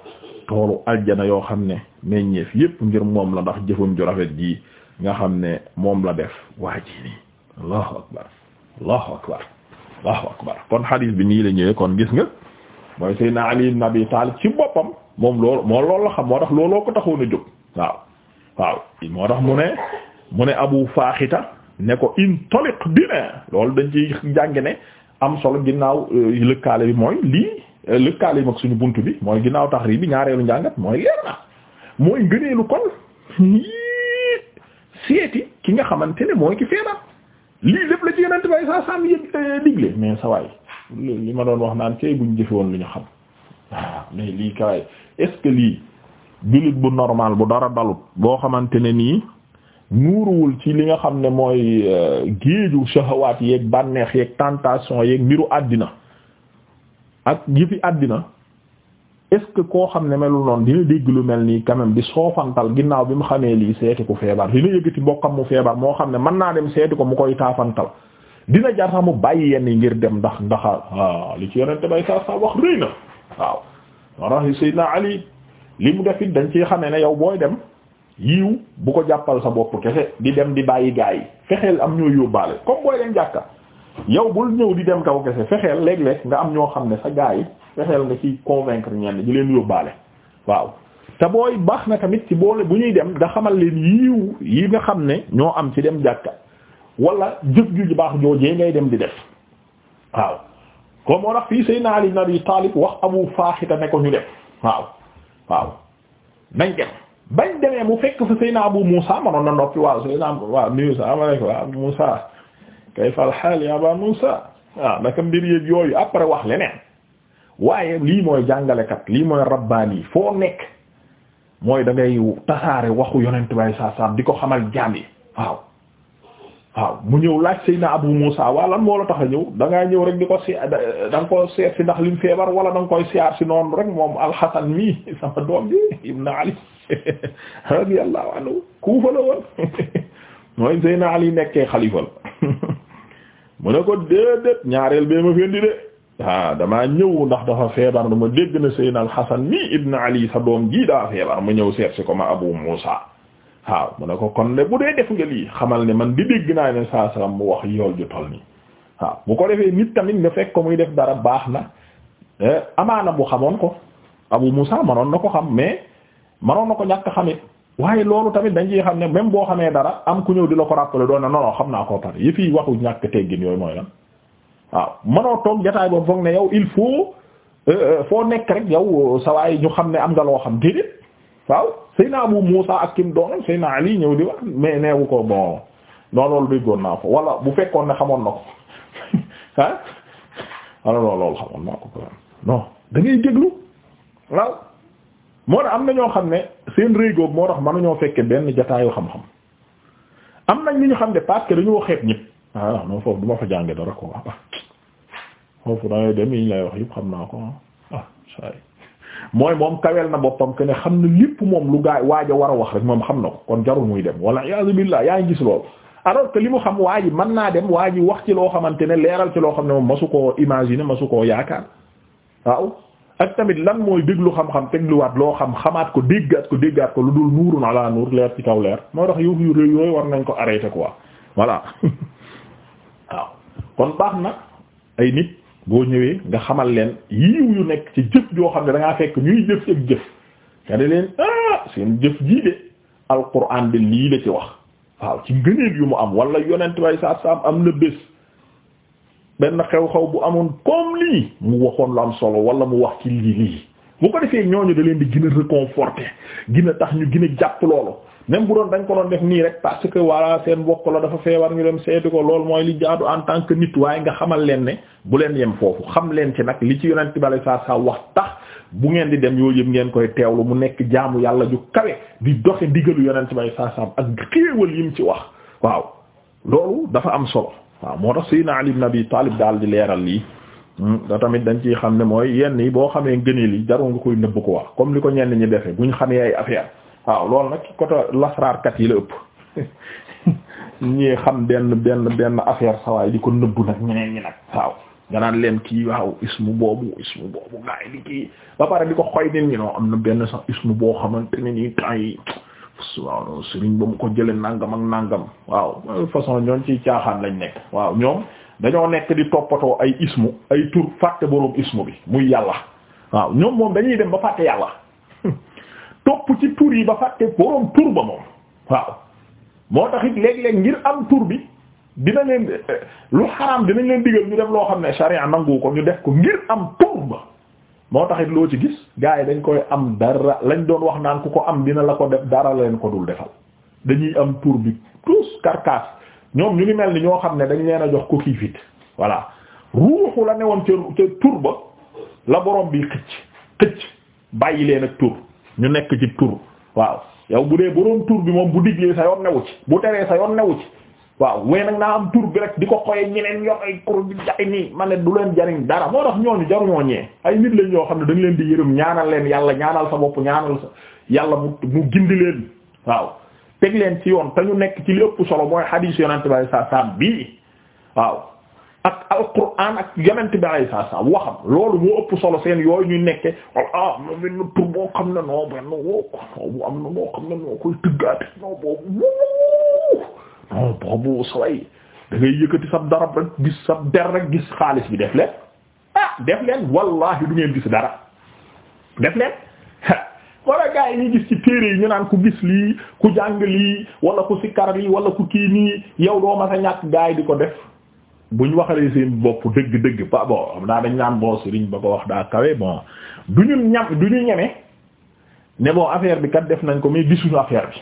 toolu aljana yoo xam ne meññeef yépp ngir moom la ndax jëfum ju rafet ji nga xam ne moom la def waa ji nii allahu akbar allahu akbar allahu akbar kon hadith bi nii la ñëwee kon gis nga mooy Seydina Ali ibn Abi Talib ci boppam moom loolu moo loolu la xam moo tax looloo ko taxoon a jóg waaw waaw moo tax mu ne mu ne Abu Faaxita ne ko intaliq bina loolu dañ ci jàngi ne am solo ginnaaw euh, lëkkaale bi mooy lii euh, lëkkaale bi ak suñu bunt bi mooy ginnaaw tax rii bi ñaareelu njàngat mooy leer na mooy ngëneelu kon seeti ki nga xamante ne mooy ki feebar lii lépp la ci yenante bay saa sam yëpp digle mais sa waay li ma doon wax naan cay buñ jëfe woon lu ñu xam waaw mais lii kaay est lii jullit bu normal bu dara dalut boo xamante ne nii nuuruwul ci li nga xam ne mooy euh, géeju shahawaat yeeg bànneex yeeg tentation yeeg mbiru àddina ak yëfi àddina est-ce koo xam ne melul noonu dina dégg lu mel nii quand même di soofantal ginnaaw bi mu xamee lii seeti ku feebar dina yëgati mbokkam mu feebar moo xam ne mën naa dem seeti ko mu koy taafantal dina jar sax bàyyi yenn yi ngir dem ndax ndax waaw li ci yonente bay saa saa wax rëy na waaw warax Seydina Ali li mu def dañ ci xamee ne yow booy dem yiw bu ko jàppal sa bopp kese di dem di bàyyi gaa yi fexeel am ñoo yóbbaale comme booy dem jàkka yow bul ñëw di dem kaw kese fexeel léeg-léeg nga am ñoo xam ne sa gaa yi fexeel nga ci convaincre ñenn di leen yóbbaale waaw te booy baax na tamit ci boole bu ñuy dem da xamal leen yiw yi nga xam ne ñoo am ci dem jàkka wala jëf ju baax joojee ngay dem di def waaw comme moo tax fii Seydina Ali ibn Abi wax Abu Faaxita ne ko ñu def waaw waaw nañ dem bañ demee mu fekk fa Seydina Abu Muusa manoon na noppi waaw Seydina waaw Muusa amaleykum waaw Abu Muusa kayfa al-haal ya Muusa waaw naka mbir yëpp yooyu après wax leneen waaye lii mooy jàngalekat lii mooy rabbaani foo nekk mooy dangay ngay tasaare waxu yonent bay saa saa di ko xamal jaam yi waaw. waaw mu ñëw laaj Seydina Abu Muusa waa lan moo la tax a ñëw da ñëw rek di ko si da nga ko seet si ndax lim feebar wala da nga koy siyaar si noonu rek moom alxasan mi sama doom bi ibn Ali radiyallahu anhu Kuufa la woon mooy Seydina Ali nekkee xalifa mu ne ko déedéet ñaareel bee ma fendi de ah damaa ñëw ndax dafa feebar dama dégg na Seydina alxasan mi ibn Ali sa doom ji daa feebar mu ñëw seet si ko ma Abu Muusa waaw mu ne ko kon ne bu dee def nga lii xamal ne man di dégg naa ne saa salaam mu wax yool ju toll nii waaw bu ko defee nit tamit nga fekk ko muy def dara baax na eh, amaana bu xamoon ko Abu Musa manoon na ko xam mais manoon na ko ñàkk xamit waaye loolu tamit dañ ciy xam ne même boo xamee dara am ku ñëw di la ko rappeler doon na non xam naa ko pare yi fii waxu ñàkk teggin yooyu mooy lan waaw manoo toog jotaay boobu foog ne yow il faut euh, euh, foo nekk rek yow euh, sa waay ñu xam ne am nga loo xam déedéet waaw Seyna Abu Muusa ak kim doonam Seyna Ali ñëw di wax mais neewu ko bon non loolu déggoon naa ko wala bu fekkoon ne xamoon na ko ah alors loolu loolu xamoon naa ko non da ngay déglu waaw moo tax am na ñoo xam ne seen réegóob moo tax mënuñoo fekke benn jataayu xam-xam am nañ li ñu xam ne parce que dañoo xeeb ñëpp ah non foofu du ma fa jànge dara quoi ah foofu da dem yi ñu lay wax yëpp xam naa ko ah, ah mooy moom kawel na boppam que ne xam na lépp moom lu gaay waaj a war a wax rek moom xam na ko kon jarul muy dem wala iyaazu billah yaa ngi gis loolu alors que li mu xam waa ji mën naa dem waa ji wax ci loo xamante ne leeral ci loo xam ne moom ma masu koo imaginer masu koo yaakaar waaw ak tamit lan mooy déglu xam-xam tegluwaat loo xam xamaat ko déggaat ko déggaat ko lu dul nuurun laa nuur leer ci kaw leer moo tax yëfu yu réew yooyu war nañ ko arrêter quoi voilà waaw kon na boo ñëwee nga xamal leen yiw yu nekk ci jëf joo xam ne da fekk ñuy jëf ci jëf nga ne leen ah seen jëf jii de alquran de lii la ci wax waaw ci ngëneel yu mu am wala yonent way saa saam am na bés benn xew-xew bu amoon comme lii mu waxoon lu am solo wala mu wax ci lii lii bu ko defee ñooñu da leen di gën a réconforter gën tax ñu gën a jàpp loolu même bu doon dañ ko doon def nii rek parce que walla seen bokk la dafa feebar ñu dem seeti ko loolu mooy li jaadu en tànk nit waaye nga xamal leen ne bu leen yem foofu xam leen ci nag li ci yonent bale saa saa wax tax bu ngeen di dem yoo yëpp ngeen koy teewlu mu nekk jaamu yàlla ju kawe di doxe digalu yonent bale saa saa ak xéewal yim ci wax waaw loolu dafa am solo waaw moo tax Seydina Ali na Abi Talib daal di leeral lii hmm, da tamit dañ ciy xam ne mooy yenn yi boo xamee ngëneel yi jarul nga koy nëbb ko wax comme li ko ñenn ñi defee buñ xamee ay affaire waaw loolu nag côté lasraarkat yi la ëpp ñi xam benn benn benn affaire sawaay di ko nëbbu nag ñeneen ñi nag waaw nga naan leen kii waaw ismu boobu ismu boobu gaa yi di ba pare di ko xoy nit ñi non am na benn sax ismu boo xamante ne nii temps yi waaw ko jële nangam ak nangam waaw façon ñoon ciy caaxaan lañ nekk waaw ñoom dañoo nekk di toppatoo ay ismu ay tur fàtte boroom ismu bi muy yàlla waaw ñoom moom dañuy dem ba fàtte yàlla topp ci tur yi ba fàtte boroom tur ba moom waaw moo tax it léeg-léeg ngir am tur bi dina leen lu xaraam dinañ leen digal ñu def loo xam ne sharia nangu ko ñu def ko ngir am tur ba moo tax it loo ci gis gars yi dañ koy am dara lañ doon wax naan ku ko am dina la ko def dara leen ko dul defal dañuy am tur bi tous karkaas ñoom ñu ngi mel ni ñoo xam ne dañ leen a jox ko kii fit voilà ruuxu la newoon ca ca tur ba la borom bi xëcc xëcc bàyyi leen ak tur ñu nekk ci tur waaw yow bu dee boroom tur bi moom bu diglee sa yoon newu ci bu teree sa yoon newu ci waaw wéy nag naa am tur bi rek di ko xoyee ñeneen yor ay kur bi jaay nii ma ne du leen jariñ dara moo ñoo ñooñu jaruñoo ñee ay nit lañ ñoo xam ne dañ leen di yërëm ñaanal leen yàlla ñaanal sa bopp ñaanal sa yàlla mu mu gindi leen waaw teg leen ci yoon te ñu nekk ci li ëpp solo mooy hadith yonent bi sa alayhi wasallam bii waaw ak alquran ak yonent bi alayhi salaam waxam loolu moo ëpp solo seen yooyu ñu nekke ah ma benn tur boo xam ne noo benn boobu na noo xam ne koy tëggaate non boobu non boobu saway da ngay yëkkati sab darab rek gis sab der rek gis xaalis bi def leen ah def leen wallahi du ngeen gis dara def leen wala gaa yi gis ci téere yi ñu naan ku gis lii ku jàng lii wala ku sikkar lii wala ku kii nii yow doo ma sa ñàkk gaa yi di ko def buñ waxalee seen bopp dëgg-dëgg ba bon xam naa dañ naan boo sëriñ ba ko wax daa kawe bon du ñu ñam du ñu ñeme ne affaire bi kat def nañ ko mais gisuñu affaire bi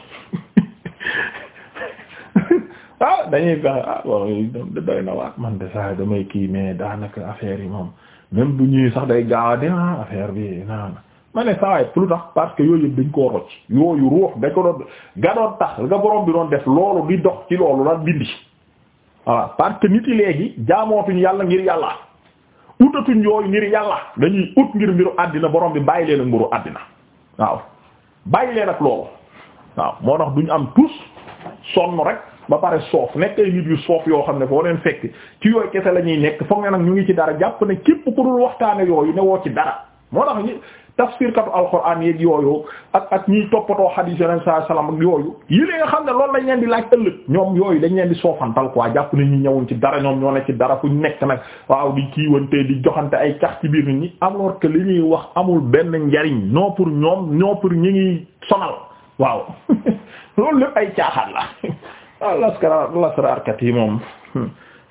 ah dañuy fexe ah na waat man de saa damay kii mais daanaka affaire yi moom même bu ñuy sax day gaaw a ah affaire bi naan ma ne saa waay lu tax parce que yooyu yëpp dañ koo rocc yooyu ruux da ko doon tax nga borom bi doon def loolu di dox ci loolu la bindi. waaw parce que nit yi léegi jaamootuñ yàlla ngir yàlla utatuñ yooyu ngir yàlla dañuy ut ngir mbiru àddina borom bi bàyyi leen ak mbiru àddina waaw bàyyi leen ak loolu waaw moo tax duñ am tous sonn rek ba pare soof nekk yi nit yu soof yoo xam ne foo leen fekk ci yooyu kese la ñuy nekk foog ne nag ñu ngi ci dara jàpp ne képp ku dul waxtaane yooyu ne woo ci dara moo tax tafsirkatu alxuraan yeeg yooyu ak ak ñiy toppatoo xadiis yonent saa salaam ak yooyu yële nga xam ne loolu lañ leen di laaj ëllëg ñoom yooyu dañ leen di soofantal quoi jàpp ne ñu ñëwuñ ci dara ñoom ñoo ne ci dara fuñ nekk nag waaw di kiiwante di joxante ay cax ci biir nit ñi alors que li ñuy wax amul benn njariñ non pour ñoom non pour ñu ngi sonal waaw loolu lépp ay caaxaan la waaw ah, laskara lasraarkat yi moom hmm.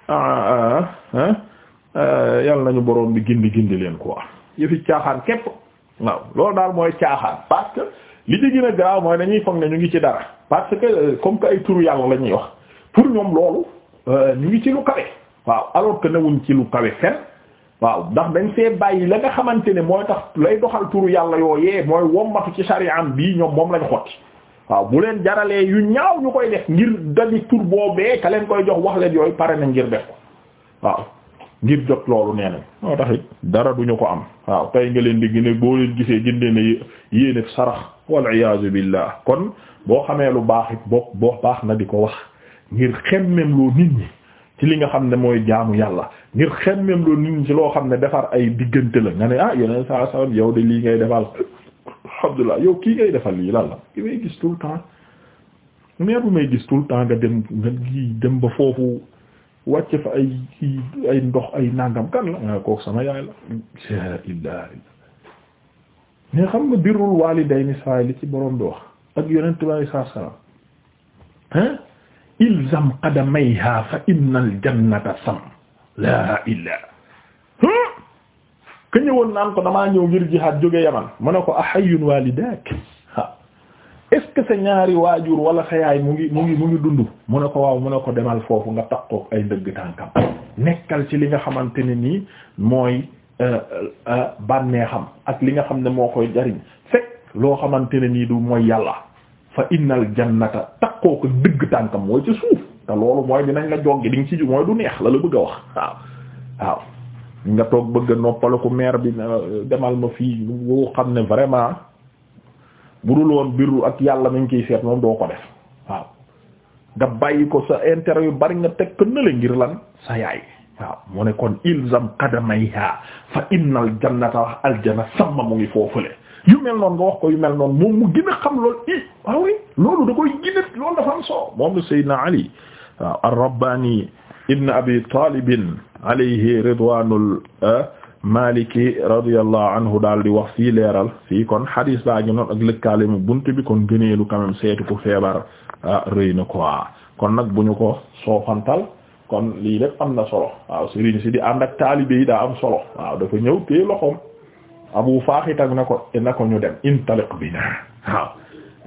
ah, ah, yàlla nañu boroom bi gindi gindi leen quoi yëfi caaxaan képp waaw loolu daal mooy caaxaan parce que li ci gën a garaaw mooy dañuy foog ne ñu ngi ci dara parce euh, comme que ay turu yàlla la ñuy wax pour ñoom loolu euh, ñu ngi ci lu kawe waaw alors que newuñ ci lu kawe fen waaw ndax dañ see bàyyi la nga xamante ne mooy tax lay doxal turu yàlla yooyee mooy wommatu ci sariyaam bii ñoom moom lañ xotti waaw bu leen jaralee yu ñaaw ñu koy def ngir dali tur boobee ka leen koy jox wax leen yooyu pare na ngir def ko waaw ngir jot loolu nee nañ moo tax dara duñu ko am waaw tey nga leen di gën a boo leen gisee jëndee na yéene sarax wal iyaazu billah kon boo xamee lu baax it boo boo baax na di ko wax ngir xemmem loo nit ñi ci li nga xam ne mooy jaamu yàlla ngir xemmem loo nit ñi ci loo xam ne defar ay diggante la nga ne ah yeneen saa saa yow de lii ngay defal alhamdulillah yow kii ngay defal lii lan la ki may gis tout le temps mais bu may gis tout le temps nga dem nga dem ba foofu. wàcc fa ay ay ndox ay nangam kan la ah, kook sama yaay la la ilaha illa xam nga birrul walidayni saay li ci borom bi wax ak yonent bi alei saatu salam hein ilzam fa innal jannata sam la ilaha ka ñëwoon naan ko damaa ñëw ngir jihaad jóge yaman mu ne ko ahayun walidak est sa ñaari waajur wala sa mu ngi mu ngi mu ngi dund mu ne ko waaw mu ne ko demal foofu nga takkook ay ndëgg tànkam nekkal ci li nga xamante ne nii mooy euh, euh, bànneexam ak li nga xam ne moo koy jariñ fekk loo xamante ne nii du mooy yàlla fa innal jannata takkoo ko dëgg tànkam mooy ci suuf te loolu mooy dinañ la joggi di nga ci mooy du neex la la bëgg a wax waaw waaw nga toog bëgg a noppalu ko maire bi euh, demal ma fii boo xam ne vraiment bu dul woon birru ak yàlla mi ngi ciy seet moom doo ko def nga bàyyi ko sa intérêt yu bari nga teg ko nële ngir lan sa yaay waaw mu ne kon ilzam qadamayha fa innal aljana sama mu ngi foofule yu mel noonu nga wax ko yu mel noonu moom mu gën xam loolu i waaw loolu da koy gën a dafa am soo moom Seydina Ali waaw ar Abi Talib alayhi ridwanul ah, Maliki radiyallahu anhu daal di wax fii leeral fii kon hadis baa ngi noonu ak mu bunt bi kon gëneelu quand même seetu ku feebar ah rëy na quoi kon nag bu ñu ko soofantal kon lii lépp am na solo waaw Serigne si di ànd ak taalibe yi daa am solo waaw dafa ñëw téye loxoom Abu Faaxit ak na ko na ñu dem intaliq bi na waaw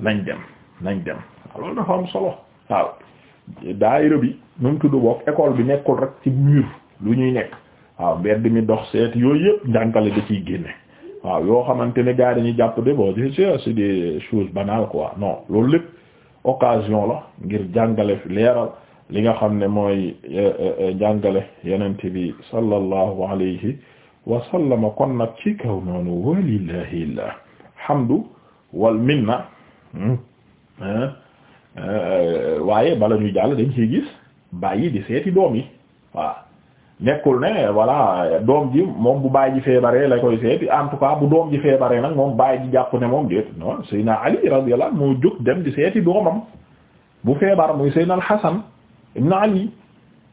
nañ dem nañ dem loolu dafa am solo waaw daayira bi nu mu tudd bokk école bi nekkul rek ci mur lu ñuy nekk. waaw mbedd mi dox seet yooyu yëpp njàngale da ciy génne waaw yoo xamante ne gars yi dañuy jàpp de bon c'est des choses banales quoi non loolu lépp occasion la ngir jàngale leeral li nga xam ne mooy euh, euh, euh, jàngale yonent bi sallallahu alayhi wa sallama kon nag ci kaw noonu walillahi alhamdu wal minna hmm, waaye bala ñuy jàll dañ ciy gis bàyyi di seeti doom yi waaw nekkul ne voilà doom ji moom bu baay ji feebaree la koy seeti en tout cas bu doom ji feebaree nag moom baay ji jàpp ne moom déet non Seydina Ali radiyallahu moo jóg dem di seeti doomam bu feebar muy Seydina al-Hasan ibn yi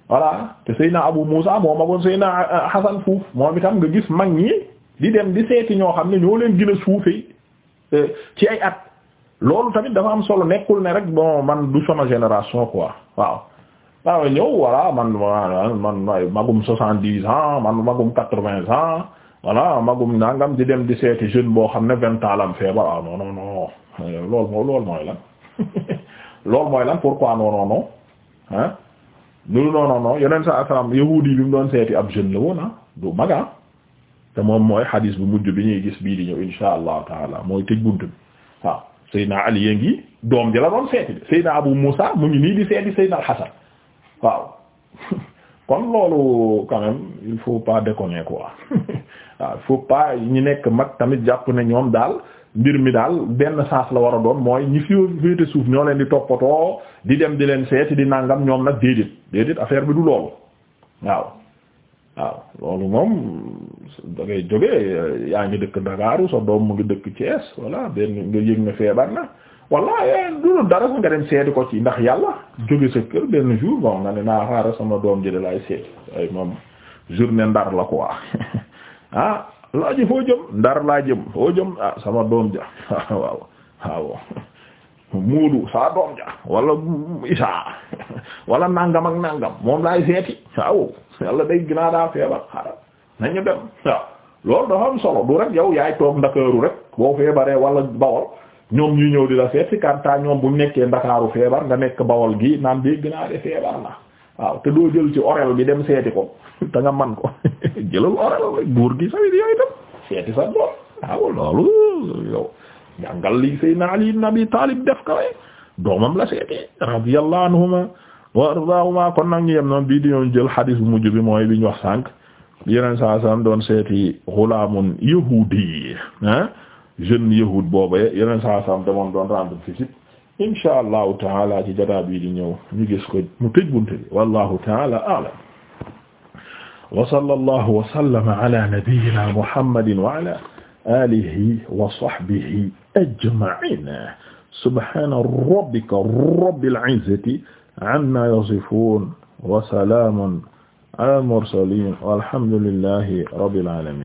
voilà te Seydina Abu Musa moo magoon Seydina Hasan fuuf moom itam nga gis mag ñi di dem di seeti ñoo xam ne ñoo leen gën a suufee euh, ci ay at loolu tamit dafa am solo nekkul ne rek bon man du sama génération quoi waaw waaw ñëw voilà man man man magum soixante-dix ans magum quatre-vingts ans voilà magum nangam di dem di seeti jeune boo xam ne vingt ans lam feebar ah non non non loolu mooy lan loolu mooy lan pourquoi non non non yeneen sa asalam yahuudi bi mu doon seeti ab jeune la woon ah du mag ah. te moom mooy xadiis bu mujj bi ñuy gis bii di ñëw insha allah taala mooy tëj bunt bi waaw Seydina Ali yé doom ji la doon seeti Seydina Abu Muusa mu ngi nii di seeti Seydina Al Hasan waaw kon loolu quand même il faut pas déconner quoi waaw faut pas ñi nekk mag tamit jàpp ne ñoom daal mbir mi daal benn saas la war a doon mooy ñi fi féete suuf ñoo leen di toppatoo di dem di leen seeti di nàngam ñoom nag déedéet déedéet affaire bi du loolu waaw waaw loolu moom da ngay yaa ngi dëkk Ndakaaru sa doom mu ngi dëkk Thiès voilà benn nga yëg na feebar na walla du dara nga dem seeti ko ci ndax yàlla jóge sa kër benn jour bon nga ne naa xaaral sama doom ji de laay seeti ay moom journée ndar la quoi ah laa ji foo jëm ndar laa jëm foo jëm ah sama doom ja waaw waaw muudu saa doom ja wala nangam ak nangam moom laay seeti waaw yàlla day ginaa daa feebar xaaral nañu dem waaw solo du rek yow yay toog ndakaaru rek boo feebaree wala bawol ñoom ñuy ñëw di la seet si ñoom bu nekkee ndakaaru feebar nga nekk bawol gi naan dégg naa de feebar na waaw te doo jël ci orel bi dem seeti ko te man ko jëlal orel rek buur gi sawit yooyu tam seeti sa doom waaw loolu yow jàngal def kawee doomam la seeti radiyallahu anhuma wa ardaahuma kon nag ñu yem noonu ñoom jël xadiis mujj bi mooy bi ñu wax sànq yeneen saa saa doon seeti xulaamun yahuudi ah jeune yahud boobee yeneen saa saam demoon doon rendre visite insha allahu taala ci jataa bi di ñëw ñu gis ko mu tëj buntu bi wallahu taala a'lam wa sallallahu wa sallama ala nabiyyina muhammadin wa ala alihi wa sahbihi ajma'in subhana rabbika rabbil izzati amma yasifun wa salamun ala al mursalin walhamdulillahi rabbil alamin